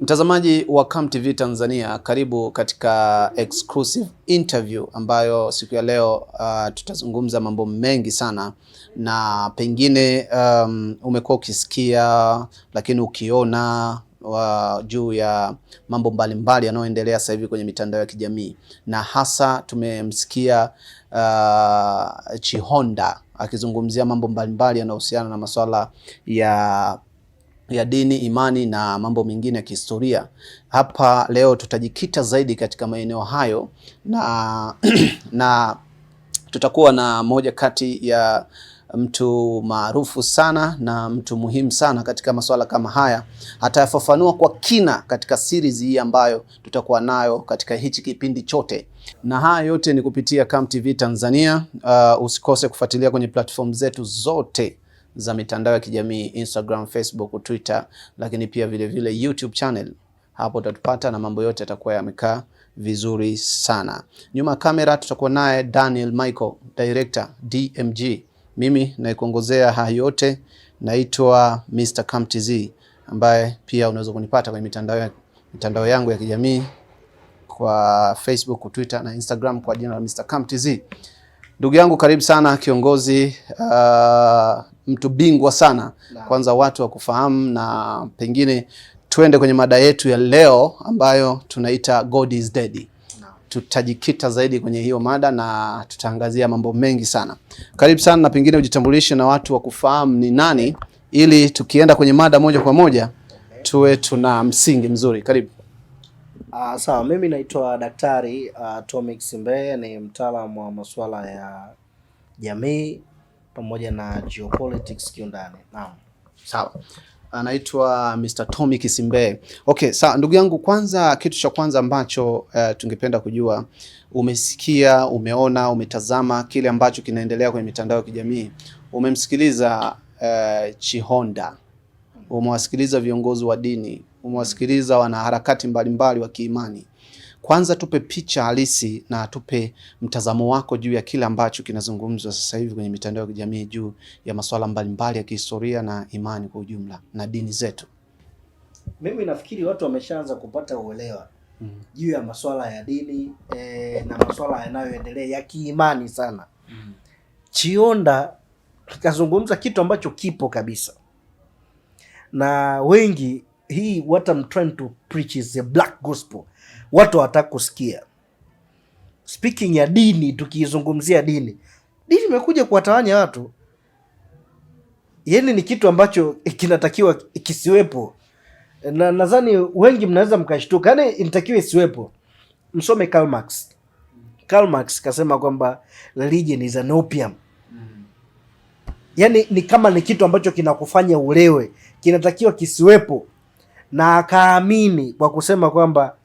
Mtazamaji wa Come TV Tanzania, karibu katika exclusive interview ambayo siku ya leo uh, tutazungumza mambo mengi sana na pengine um, umekuwa ukisikia lakini ukiona wa uh, juu ya mambo mbalimbali yanayoendelea sasa hivi kwenye mitandao ya kijamii na hasa tumemsikia uh, Chihonda akizungumzia mambo mbalimbali yanayohusiana na masuala ya ya dini, imani na mambo mengine ya kihistoria. Hapa leo tutajikita zaidi katika maeneo hayo na, na tutakuwa na moja kati ya mtu maarufu sana na mtu muhimu sana katika masuala kama haya. Atayafafanua kwa kina katika series hii ambayo tutakuwa nayo katika hichi kipindi chote, na haya yote ni kupitia Come TV Tanzania. Uh, usikose kufuatilia kwenye platform zetu zote za mitandao ya kijamii Instagram, Facebook, Twitter, lakini pia vile vile YouTube channel. Hapo utatupata na mambo yote yatakuwa yamekaa vizuri sana. Nyuma kamera tutakuwa naye Daniel Michael, director DMG. Mimi naikuongozea haya yote, naitwa Mr. Camtz, ambaye pia unaweza kunipata kwenye mitandao mitandao yangu ya kijamii kwa Facebook, Twitter na Instagram kwa jina la Mr. Camtz. Ndugu yangu karibu sana kiongozi uh, mtu bingwa sana na, kwanza watu wa kufahamu na pengine tuende kwenye mada yetu ya leo ambayo tunaita God is dead. Tutajikita zaidi kwenye hiyo mada na tutaangazia mambo mengi sana. Karibu sana na pengine ujitambulishe na watu wa kufahamu ni nani, ili tukienda kwenye mada moja kwa moja tuwe tuna msingi mzuri. Karibu. Uh, sawa, mimi naitwa Daktari uh, ah, Tomix Mbeya, ni mtaalamu wa masuala ya jamii pamoja na geopolitics kiundani. Naam. Sawa. Anaitwa Mr. Tommy Kisimbe. Okay, sawa ndugu yangu, kwanza kitu cha kwanza ambacho uh, tungependa kujua umesikia, umeona, umetazama kile ambacho kinaendelea kwenye mitandao ya kijamii. Umemsikiliza uh, Chihonda. Umewasikiliza viongozi wa dini, umewasikiliza wanaharakati mbalimbali wa kiimani. Kwanza tupe picha halisi na tupe mtazamo wako juu ya kile ambacho kinazungumzwa sasa hivi kwenye mitandao ya kijamii juu ya masuala mbalimbali ya kihistoria na imani kwa ujumla na dini zetu. Mimi nafikiri watu wameshaanza kupata uelewa mm. juu ya masuala ya dini e, na masuala yanayoendelea ya kiimani sana mm. Chionda kazungumza kitu ambacho kipo kabisa na wengi hii what I'm trying to preach is the black gospel watu hawataka kusikia. Speaking ya dini, tukiizungumzia dini, dini imekuja kuwatawanya watu, yani ni kitu ambacho kinatakiwa kisiwepo, na nadhani wengi mnaweza mkashtuka, yani inatakiwa isiwepo. Msome Karl Marx. Karl Marx kasema kwamba religion is an opium. Yani ni kama ni kitu ambacho kinakufanya ulewe, kinatakiwa kisiwepo, na akaamini kwa kusema kwamba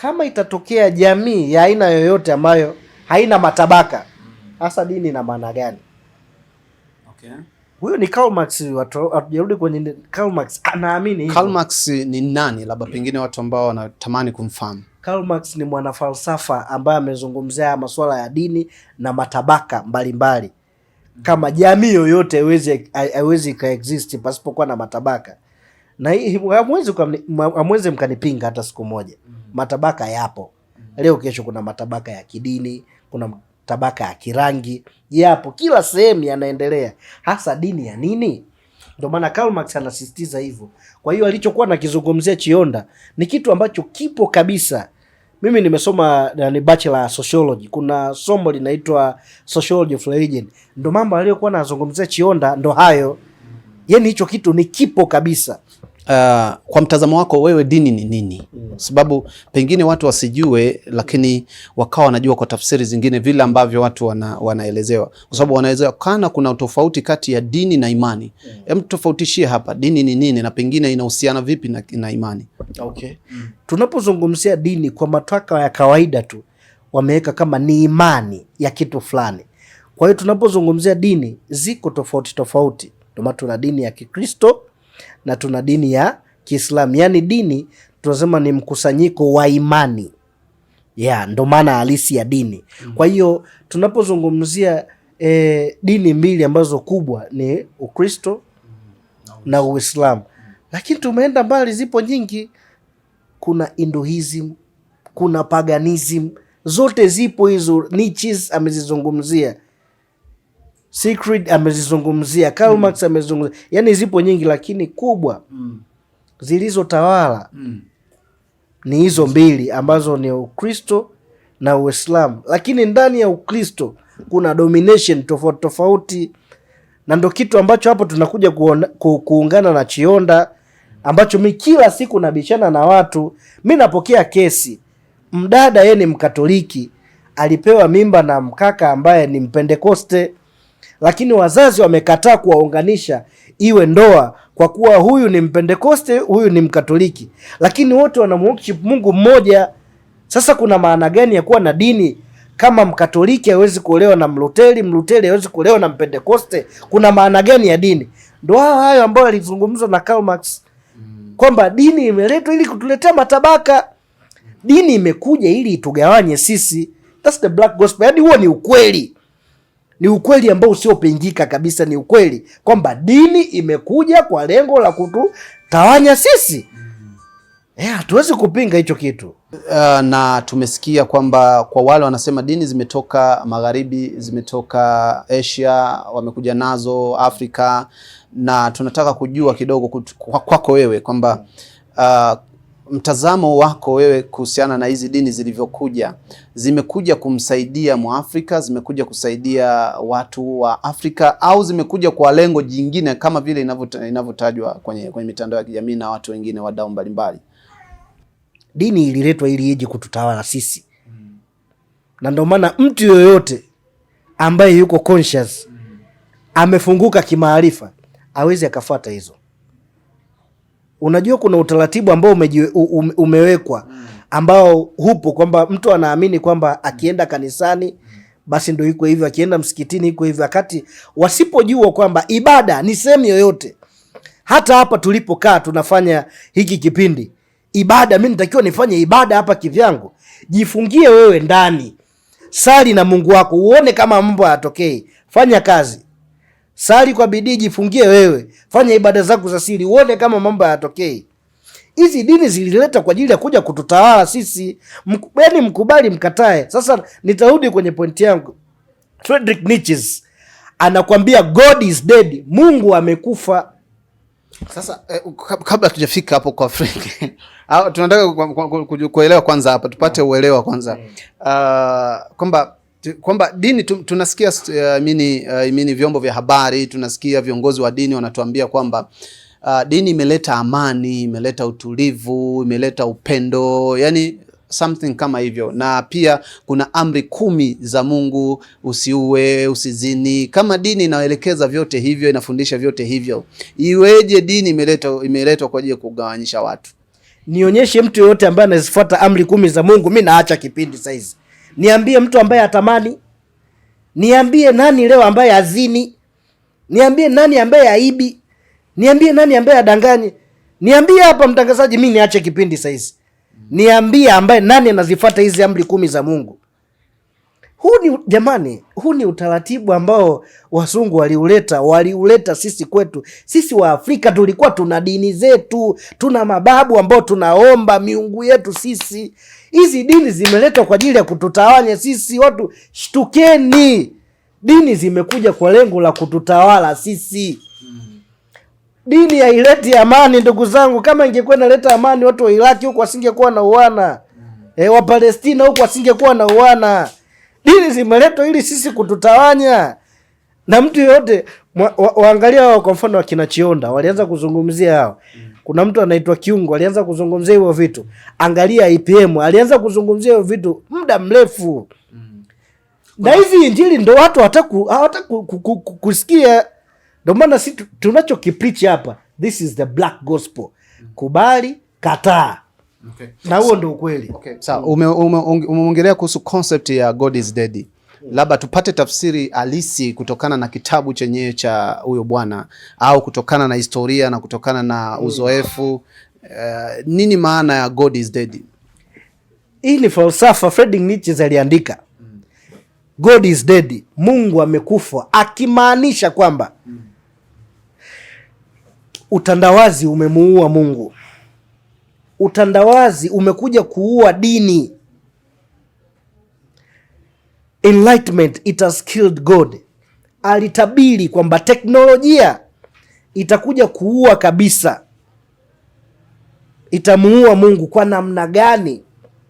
kama itatokea jamii ya aina yoyote ambayo haina matabaka hasa dini na maana gani? Okay. Huyo ni Karl Marx, watu hatujarudi kwenye Karl Marx anaamini hivyo. Karl Marx ni nani? Labda pengine watu ambao wanatamani kumfahamu. Karl Marx ni mwanafalsafa ambaye amezungumzia masuala ya dini na matabaka mbalimbali mbali. Kama jamii yoyote haiwezi ikaexist pasipokuwa na matabaka na hamwezi mkanipinga hata siku moja. Mm. Matabaka yapo leo, kesho kuna matabaka ya kidini, kuna tabaka ya kirangi, yapo kila sehemu, yanaendelea. Hasa dini ya nini? Ndio maana Karl Marx anasisitiza hivyo. Kwa hiyo alichokuwa nakizungumzia Chionda ni kitu ambacho kipo kabisa. Mimi nimesoma ni bachelor sociology, kuna somo linaitwa sociology of religion. Ndio mambo aliyokuwa anazungumzia Chionda ndo hayo, yani hicho kitu ni kipo kabisa. Uh, kwa mtazamo wako wewe dini ni nini? mm. sababu pengine watu wasijue, lakini wakawa wanajua kwa tafsiri zingine vile ambavyo watu wana, wanaelezewa kwa sababu wanaelezewa kana kuna tofauti kati ya dini na imani. Mm. Hem, tofautishie hapa dini ni nini na pengine inahusiana vipi na, na imani? Okay. Mm. Tunapozungumzia dini kwa mataka ya kawaida tu wameweka kama ni imani ya kitu fulani. Kwa hiyo tunapozungumzia dini ziko tofauti tofauti, ndio maana tuna dini ya Kikristo na tuna dini ya Kiislamu. Yaani dini tunasema ni mkusanyiko wa imani yeah, ndo maana halisi ya dini mm. Kwa hiyo tunapozungumzia e, dini mbili ambazo kubwa ni Ukristo mm. na Uislamu mm. Lakini tumeenda mbali, zipo nyingi, kuna Hinduism, kuna paganism, zote zipo hizo. niches amezizungumzia Secret amezizungumzia, Karl mm. Marx amezungumzia, yani zipo nyingi, lakini kubwa mm. zilizotawala mm. ni hizo mbili ambazo ni Ukristo na Uislamu, lakini ndani ya Ukristo kuna domination tofauti tofauti, na ndo kitu ambacho hapo tunakuja kuona, ku, kuungana na Chionda ambacho mi kila siku nabishana na watu. Mi napokea kesi, mdada yeye ni Mkatoliki, alipewa mimba na mkaka ambaye ni Mpendekoste lakini wazazi wamekataa kuwaunganisha iwe ndoa, kwa kuwa huyu ni Mpentekoste, huyu ni Mkatoliki, lakini wote wanamworship Mungu mmoja. Sasa kuna maana gani ya kuwa na dini kama Mkatoliki hawezi kuolewa na Mluteli, Mluteli hawezi kuolewa na Mpentekoste? Kuna maana gani ya dini? Ndo hayo ambayo yalizungumzwa na Karl Marx kwamba dini imeletwa ili kutuletea matabaka, dini imekuja ili itugawanye sisi. That's the black gospel, yaani huo ni ukweli. Ni ukweli ambao usiopingika kabisa, ni ukweli kwamba dini imekuja kwa lengo la kututawanya sisi. Mm-hmm. Eh, hatuwezi yeah, kupinga hicho kitu uh, na tumesikia kwamba kwa wale wanasema dini zimetoka magharibi, zimetoka Asia, wamekuja nazo Afrika, na tunataka kujua kidogo kwako kwa wewe kwamba uh, mtazamo wako wewe kuhusiana na hizi dini zilivyokuja, zimekuja kumsaidia Mwafrika, zimekuja kusaidia watu wa Afrika, au zimekuja kwa lengo jingine kama vile inavyotajwa kwenye, kwenye mitandao ya kijamii na watu wengine wadau mbalimbali? Dini ililetwa ili ije kututawala sisi, na ndio maana mtu yoyote ambaye yuko conscious amefunguka kimaarifa awezi akafuata hizo Unajua kuna utaratibu ambao ume, ume, umewekwa ambao hupo kwamba mtu anaamini kwamba akienda kanisani basi ndo iko hivyo, akienda msikitini iko hivyo, wakati wasipojua kwamba ibada ni sehemu yoyote. Hata hapa tulipokaa tunafanya hiki kipindi ibada, mi nitakiwa nifanye ibada hapa kivyangu. Jifungie wewe ndani, sali na Mungu wako uone kama mambo hayatokei. Fanya kazi Sali kwa bidii, jifungie wewe, fanya ibada zako za siri, uone kama mambo hayatokei. Hizi dini zilileta kwa ajili ya kuja kututawala sisi, yaani mkubali, mkatae. Sasa nitarudi kwenye pointi yangu. Friedrich Nietzsche anakwambia God is dead, Mungu amekufa. Sasa eh, kabla tujafika hapo kwa Frank tunataka kuelewa kwanza hapa tupate uelewa kwanza uh, kwamba kwamba dini tunasikia uh, mini, uh, mini vyombo vya habari tunasikia viongozi wa dini wanatuambia kwamba uh, dini imeleta amani, imeleta utulivu, imeleta upendo, yani something kama hivyo, na pia kuna amri kumi za Mungu: usiue, usizini. Kama dini inaelekeza vyote hivyo, inafundisha vyote hivyo, iweje dini imeletwa imeletwa kwa ajili ya kugawanyisha watu? Nionyeshe mtu yoyote ambaye anazifuata amri kumi za Mungu, mi naacha kipindi saizi niambie mtu ambaye atamani, niambie nani leo ambaye azini, niambie nani ambaye aibi, niambie nani ambaye adanganye, niambie hapa mtangazaji, mi niache kipindi saizi, niambie ambaye nani anazifuata hizi amri kumi za Mungu. Huu ni jamani, huu ni utaratibu ambao wazungu waliuleta, waliuleta sisi kwetu. Sisi wa Afrika tulikuwa tuna dini zetu, tuna mababu ambao tunaomba miungu yetu sisi. Hizi dini zimeletwa kwa ajili ya kututawanya sisi. Watu shtukeni, dini zimekuja kwa lengo la kututawala sisi. Dini haileti amani, ndugu zangu. Kama ingekuwa inaleta amani, watu wa Iraki huko wasingekuwa na uana, mm. e, eh, wa Palestina huko wasingekuwa na uana dini zimeletwa ili sisi kututawanya na mtu yoyote waangalia wa, wa Kwa mfano wakina Chionda walianza kuzungumzia hao, kuna mtu anaitwa Kiungo alianza kuzungumzia hivyo vitu. Angalia IPM alianza kuzungumzia hivyo vitu muda mrefu mm. na hizi injili ndo watu hataku hawataku kusikia. Ndio maana sisi tunachokipreach hapa, this is the black gospel. Kubali, kataa Okay. Na huo ndo ukweli. Okay. Sawa, umeongelea kuhusu concept ya God is dead. Hmm. Labda tupate tafsiri halisi kutokana na kitabu chenyewe cha huyo bwana au kutokana na historia na kutokana na hmm. uzoefu. Uh, nini maana ya God is dead? Hii ni falsafa Friedrich Nietzsche aliandika. Hmm. God is dead, Mungu amekufa, akimaanisha kwamba utandawazi umemuua Mungu utandawazi umekuja kuua dini. Enlightenment it has killed God. Alitabiri kwamba teknolojia itakuja kuua kabisa, itamuua Mungu. Kwa namna gani?